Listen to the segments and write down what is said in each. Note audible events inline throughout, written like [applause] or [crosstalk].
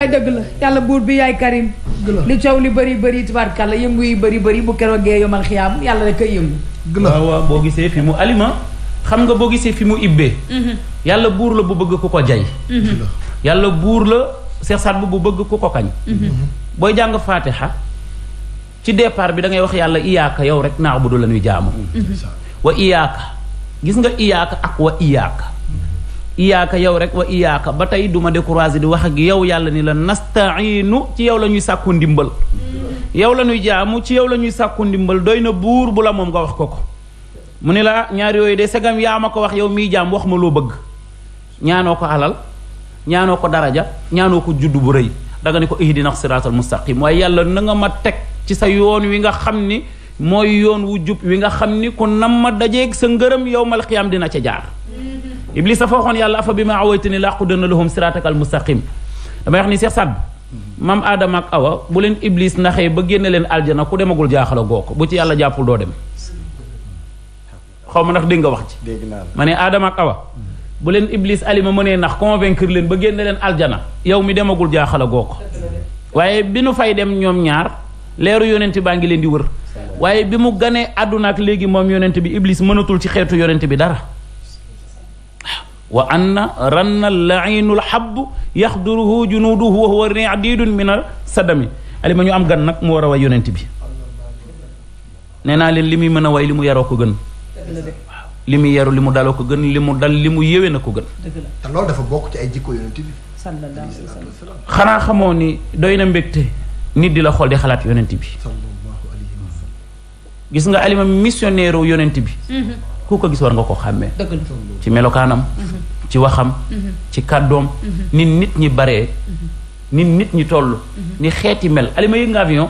waaye dëgg la yàlla buur bi yaay Karim li coow li bëri bëri tubaarkàlla yëngu yi bëri bëri bu keroogee yomal xiyaam yàlla rek koy yëngu waaw waaw boo gisee fi mu alima xam nga boo gisee fi mu ibbee mhm. yàlla buur la bu bëgg ku ko jay mhm. yàlla buur la Seex Saad bu bu bëgg ku ko kañ mhm. booy jàng xa ci départ bi da ngay wax yàlla iyaaka yow rek naaw bu du la ñuy jaamu wa iyaaka gis nga iyaaka ak wa iyaaka iyaaka yow rek wa iyaaka ba tey du ma découragé di wax ak yow yàlla ni la nasta'iinu ci yow la ñuy sàkku ndimbal yow la ñuy jaamu ci yow la ñuy sàkku ndimbal doy na buur bu la moom nga wax ko ko mu ne la ñaari yooyu de segam yaa ma ko wax yow mii jaam wax ma loo bëgg ñaanoo ko alal ñaanoo ko daraja ñaanoo ko juddu bu rëy danga ne ko ihdina siraatal mustaqim waaye yàlla na nga ma teg ci sa yoon wi nga xam ni mooy yoon wu jub wi nga xam ni ku nam ma dajeeg sa ngërëm yow mal xiyaam dina ca jaar Iblis dafa waxoon yàlla afa bi ma awaytani laqudanna lahum siratakal mustaqim damay wax ni Cheikh Saad maam Adama ak Awa bu leen Iblis naxee ba génne leen aljana ku demagul jaaxal a bu ci yàlla jàppul doo ma ndax dégg nga wax ci ma ne Adama ak Awa bu leen Iblis alima mënee nax convaincre leen ba génne leen aljana yow mi demagul jaaxal a gook waaye bi nu fay dem ñoom ñaar leeru yonent baa ngi leen di wër waaye bi mu ganee àdduna ak léegi moom yonent bi Iblis mënatul ci xeetu yonent bi dara wa anna ranna lainu lxab yaxduruhu junuuduhu wa huwa riadidun min a sadami alima ñu am gan nag mu war a way yonent bi nee naa leen li muy mën a way li mu yaroo ko gën li mu yaru li mu daloo ko gën li mu dal li mu yéwee na ko gën dafa bokk ci ay jikko yonent xanaa xamoo ni doy na mbégte nit di la xool di xalaat yonent bi gis nga alima missionnaire u yonent bi mhm. ku ko gis war nga ko xàmmee ci melokaanam mhm. ci waxam mhm. ci kàddoom mhm. ni nit ñi baree ni nit ñi toll ni xeeti mel alima yëg nga avion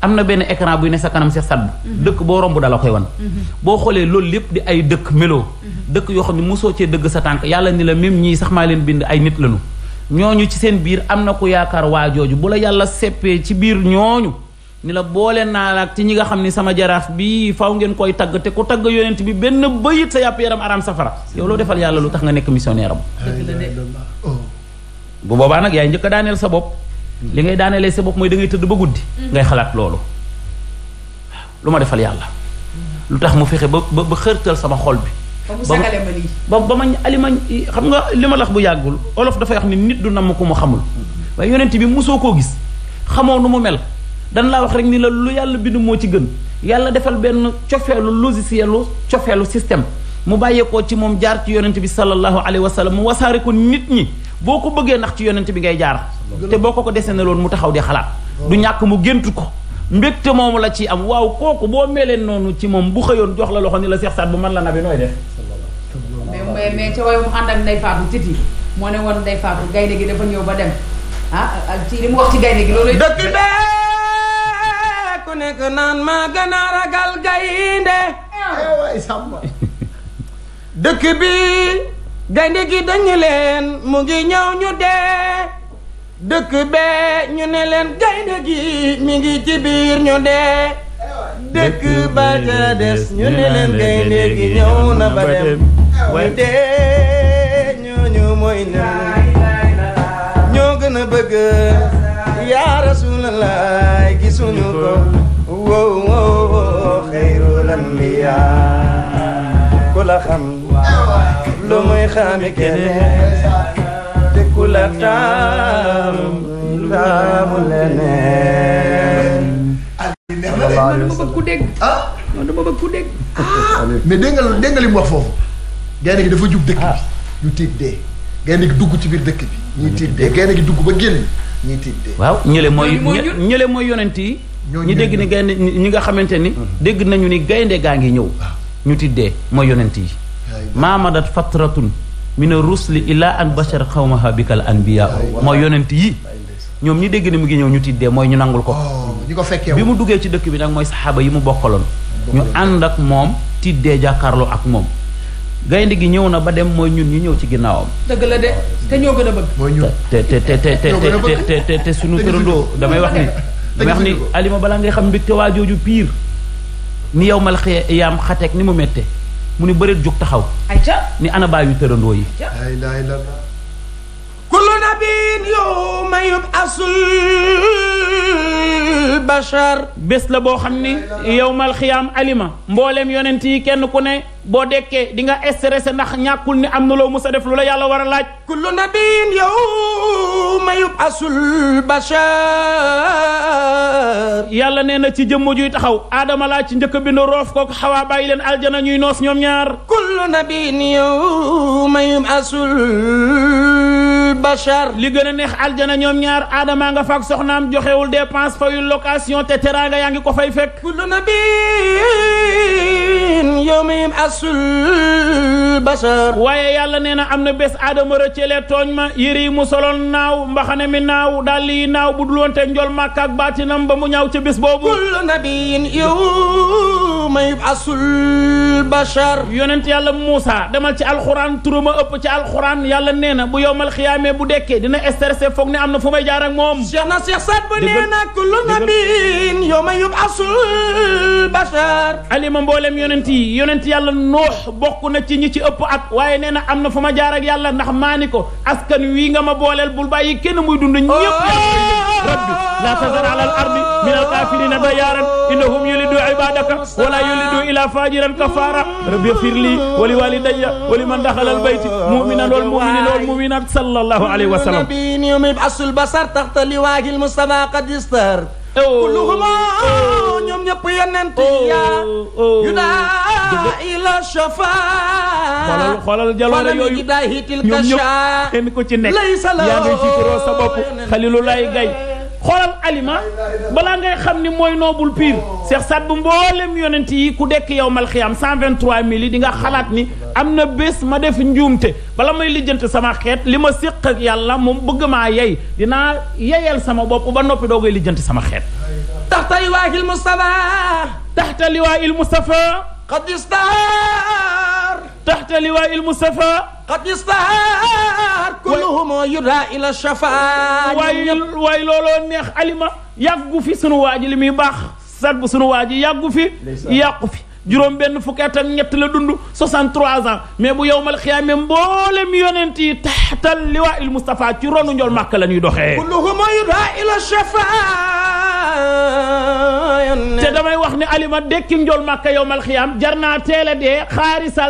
am na benn écran buy ne sa kanam sa sàdd dëkk boo romb dala koy wan boo xoolee loolu lépp di ay dëkk meloo dëkk yoo xam ne mosoo cee dëgg sa tànk yàlla ni la même ñii sax maa leen bind ay nit lañu ñooñu ci seen biir am na ko yaakaar waa jooju bu la yàlla seppee ci biir ñooñu ni la boole naa la ak ci ñi nga xam ni sama jaraaf bi faaw ngeen koy tagg te ku tagg yonent bi benn bayit sa yàpp yaram araam safara yow loo defal yàlla lu tax nga nekk missionnaire am bu boobaa nag yaay njëkk daaneel sa bopp li ngay daaneelee sa bopp mooy da ngay tëdd ba guddi ngay xalaat loolu lu ma defal yàlla lu tax mu fexe ba ba xërtal sama xol bi ba ba ma alima xam nga li ma lax bu yàggul olof dafay wax ni nit du nam ko mu xamul waaye yonent bi mosoo koo gis xamoo nu mu mel dan la wax rek ni la lu yàlla bind moo ci gën yàlla defal benn cofeelu logiciel cofeelu système mu bàyyeekoo ci moom jaar ci yonent bi sallallahu alayhi wa sallam mu wasaare ko nit ñi boo ko bëggee ndax ci yonent bi ngay jaar te boo ko ko desene loon mu taxaw di xalaat du ñàkk mu géntu ko mbégte moomu la ci am waaw kooku boo meleen noonu ci moom bu xëyoon jox la loxo ni la Seex Saad bu man la bi nooy def mais mais ca way mu ànd ak Ndey Faatu titi moo ne woon Ndey Faatu gaynde gi dafa ñëw ba dem ah, ku nekk naan maa eh, [laughs] dëkk bi gaynde gi dañu leen mu ngi ñëw ñu dee dëkk bee ñu ne leen gaynde gi mi ngi ci ñu dee eh, dëkk ba ca des ñu ne leen gaynde gi ñëw na ba dem ñu eh, dee ñooñu mooy na ñoo gën a bëgg yaa rasulallah sunu borom wow wow xayrul ku la xam lu muy ku la taam leneen dama bëgg ku ah? ku dégg ah! mais dégg nga wax foofu gaynde gi dafa jub dëkk ah. ñu tiit dee gaynde gi dugg ci biir dëkk bi ñuy tiit de gaynde gi dugg ba génn ñuy waaw ñële mooy ñële mooy yonent yi. ñi dégg ni gaynde ñi nga xamante ni. Mm-hmm. dégg nañu ni gaynde gaa ngi ñëw. ñu tiddee mooy yonent yi. maamadat fatratun mina rusli illa an bashar xawmaha bikal anbiya mooy yonent yi. ñoom ñi dégg ni mu ngi ñëw ñu tiddee mooy ñu nangul ko. Oh, ñi ko fekkee bi mu duggee ci dëkk bi nag mooy saxaaba yi mu bokkaloon. ñu ànd ak moom tiddee jàkkaarloo ak moom. gaynde gi ñëw na ba dem mooy ñun ñu ñëw ci ginnaawam. dëgg la de te a bëgg. te te te suñu tërëndoo damay wax ni. damay wax ni Alima balaa ngay xam mbégte waa jooju pire. ni yow mal xiyaam xateeg ni mu mette mu ni bëreet jug taxaw. ayca ni ana baayu tërëndoo yi. kullu nabiyyin yawma yub'asul bashar bés boo xam ni yow mal xiyaam Alima mboolem yonent yi kenn ku ne. boo dekkee di nga stressé ndax ñàkkul ni am na loo musa def lu la yàlla war a laaj kullu nabiyin yow mayub asul bashar yàlla nee na ci jëmm juy taxaw aadama laa ci njëkk bind roof kooku xawaa bàyyi leen aljana ñuy noos ñoom ñaar kullu nabiyin yow mayub asul bashar li gën a neex aljana ñoom ñaar aadama nga faak soxnaam joxewul dépense fayul location te teraanga yaa ngi ko fay fekk kullu nabiyin yawmin asul bashar waaye yàlla nee na am na bés aadama rëccële tooñ ma yére yi mu soloon naaw mbaxane mi naaw dàll yi naaw bu duloon te njol màkk ak baatinam ba mu ñaaw ca bés boobu kullu nabiyin yow yawma yub'asul bashar yonent yàlla Moussa demal ci alxuraan turama ëpp ci alxuraan yàlla nee na bu yowmal xiyaamee bu dekkee dina stressé foog ne am na fu may jaar ak moom. Cheikh na Cheikh Saad Bou nee na kullu nabiin yawma yub'asul bashar. alima mboolem yonent yi yonent yàlla noox bokk na ci ñi ci ëpp at waaye nee na am na fu ma jaar ak yàlla ndax maa ni ko askan wi nga ma booleel bul bàyyi kenn muy dund ñëpp. Oh, rabbi la tazar ala al ardi min al kafirina dayaaran innahum yulidu ibadaka wala yulidu ila fajiran kafara rabbi fir li wa li walidayya wa li man daxala al bayti muminan wal muminin wal muminat sallallahu alayhi wa sallam يوم يبعث البصر تحت لواء المصطفى قد يستر كلهم يوم يبقى ينتيا يدعى إلى الشفاعة xoolal jaloore yooyu ñoom ñëpp kenn ku ci nekk yaa ngi ci sa bopp Xalilu Laay Gay xoolal alima balaa ngay xam ni mooy noobul pire Cheikh Saad bu mboolem yonent yi ku dekk yow mal xiyaam 123000 yi di nga xalaat ni am na bés ma def njuumte bala may lijjante sama xeet li ma séq ak yàlla moom bëgg maa dinaa yeyal sama bopp ba noppi doo koy lijjanti sama xeet taxta liwaa'il Mustafa taxta liwaa'il Mustafa qad قد استهار كلهم يدعى إلى الشفاعة waay waay looloo neex alima yàggu fi sunu waa ji li muy baax sàggu sunu waa ji yàggu fi yàqu fi juróom benn fukki at ak ñett la dund 63 ans mais bu yowmal xiyaame mboolem yonent yi taxtal liwaa il Moustapha ci ronu njool màkk la ñuy doxee. kulluhum yudaa ila shafaa te damay wax ne alima dekki njool màkka yowmal xiyaam jar naa teel a dee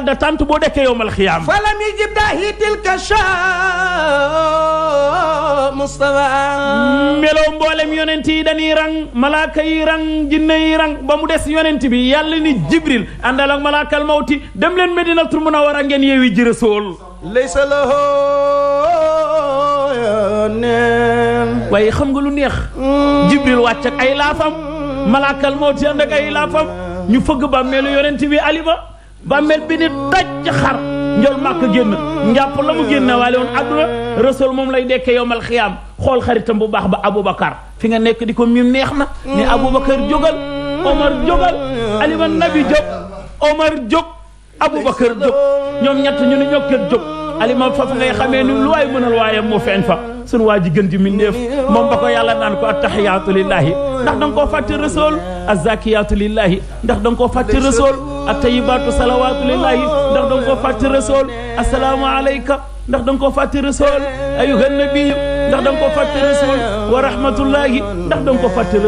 da tant boo dekkee yowmal xiyaam falam yijib daahi tilka shaa Mustafa meloo mboolem yonent yi dañuy rang malaaka yi rang jinne yi rang ba mu des yonent bi yàlla ni jibril àndal ak malaakal mawti dem leen Medinatul Munawwara ngeen yeewi ji Rasul laysa lahu waaye xam nga lu neex mm. jibril wàcc ak malaakal mawti ànd ak ay laafam ñu fëgg bàmmeelu yonent bi ali ba bàmmeel bi ni daj xar njol màkk génn njàpp la mu génne waale woon àdduna rasul moom lay dekke yowmal xiyaam xool xaritam bu baax ba aboubacar fi nga nekk di ko mim neex na ne aboubacar jógal omar jógal ali ba nabi jóg omar jóg aboubacar jóg ñoom ñett ñu ni ñokket jóg alima foofu ngay xamee ni lu waay mënal waaye moo feeñ fa sunu waa ji gën ji mindeef moom ba ko yàlla naan ko attaxiyaatu lillahi ndax da nga koo fàtte rasool azakiyaatu lillahi ndax da nga koo fàtte rasool attayibaatu salawaatu lillahi ndax da nga koo fàtte rasool assalaamu alayka ndax da nga koo fàtte rasool ayuhan nabiyu ndax da koo fàtte rasool wa rahmatullahi ndax da nga koo ndax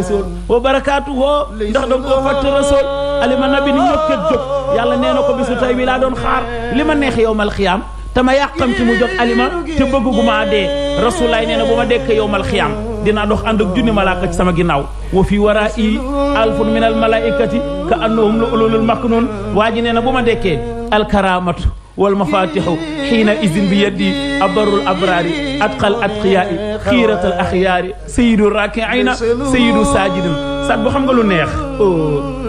da nga koo fàtte rasool alima nabi ni ñokkat jóg yàlla nee na ko bisu tay bi laa doon xaar li ma neex yowmal xiyaam te ma yàqam ci mu jot alima te bëgguma dee rasulaay nee na bu ma dekkee yowmal xiyaam dox ànd ak junni malaaka sama ginnaaw wa fi waraa i alfun min al malaikati ka annahum lu ululul maknun waa ji nee na bu ma dekkee alkaramatu wal mafatixu xiina bi yeddi abarul abraari atqal atqiyaai xiiratal axiyaari sayidu rakiina sayidu saajidin sat bu xam nga lu neex